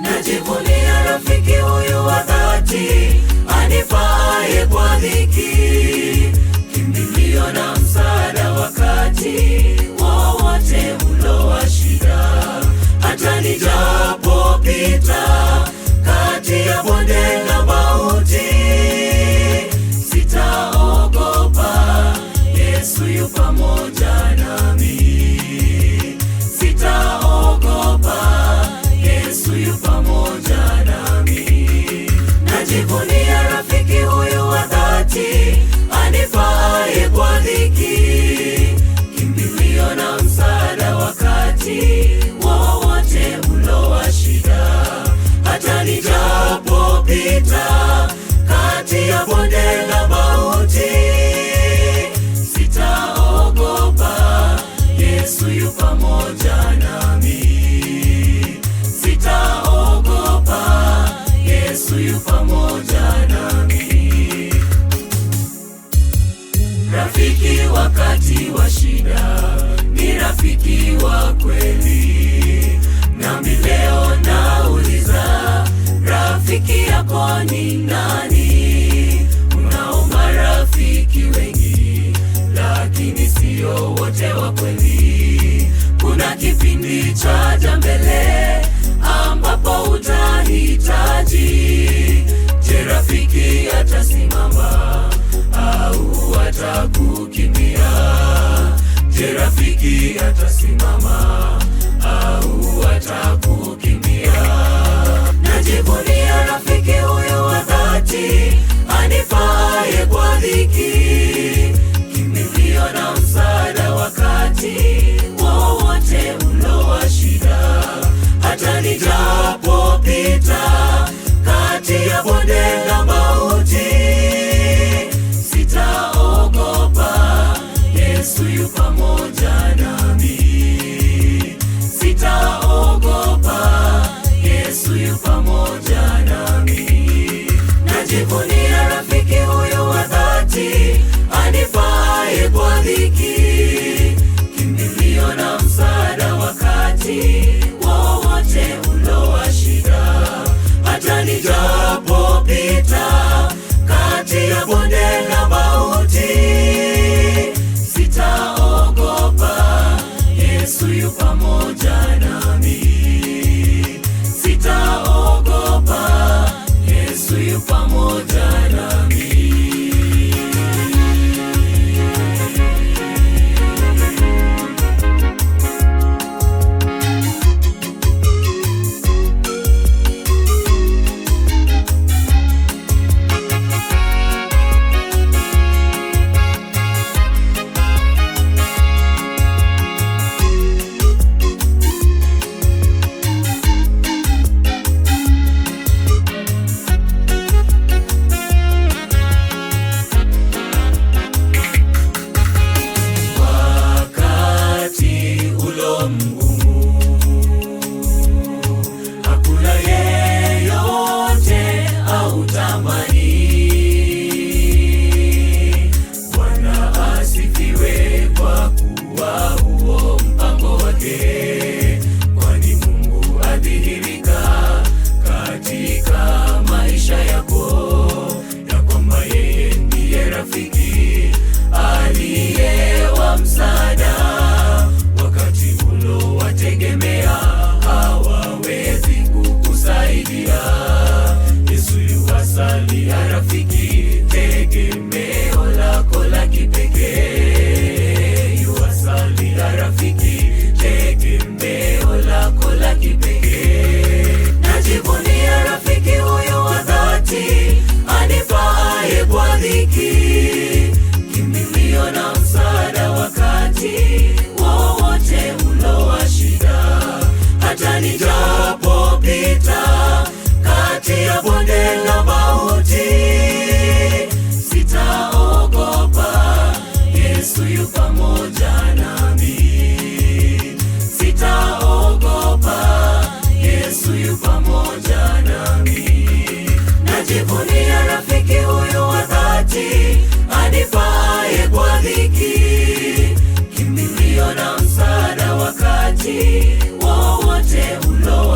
najivunia rafiki huyu wa dhati, anifaaye kwa dhiki, kimbilio na msaada wakati wowote ulowa shida. Yesu yu pamoja nami, sitaogopa. Yesu yu pamoja nami, rafiki wakati wa shida, ni rafiki wa kweli. Nami leo nauliza, rafiki yako ni nani? anahitaji. Je, rafiki atasimama au atakukimbia? Je, rafiki atasimama au ataku Mungu na bonde mauti, sitaogopa, Yesu yu pamoja nami. Sitaogopa, Yesu yu pamoja nami. Najivunia rafiki huyu wa dhati, anifaaye kwa dhiki, kimbilio na msaada wakati wowote ulo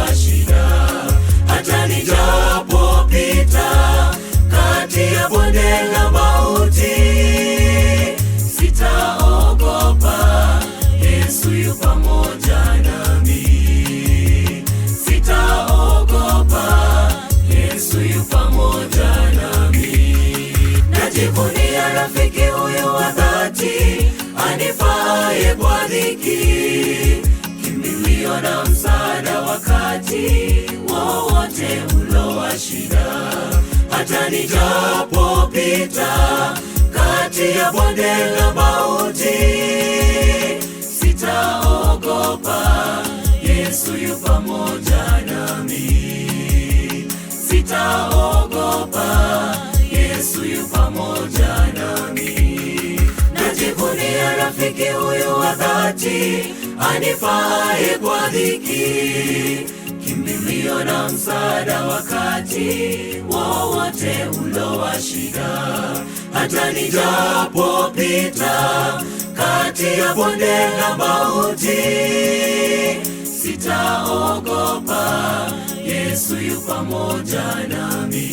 nimebebwa dhiki, kimbilio na msaada wakati wowote ulo wa shida. Hata nijapopita kati ya bonde la mauti, sitaogopa, Yesu yu pamoja nami, sitaogopa rafiki huyu wa dhati, anifaaye kwa dhiki, kimbilio na msaada wakati wowote ulo wa shida. Hata nijapopita kati ya bonde la mauti, sitaogopa, Yesu yu pamoja nami,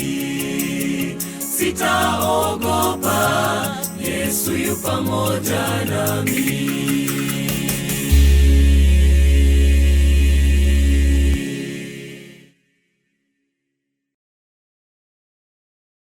sitaogopa pamoja nami.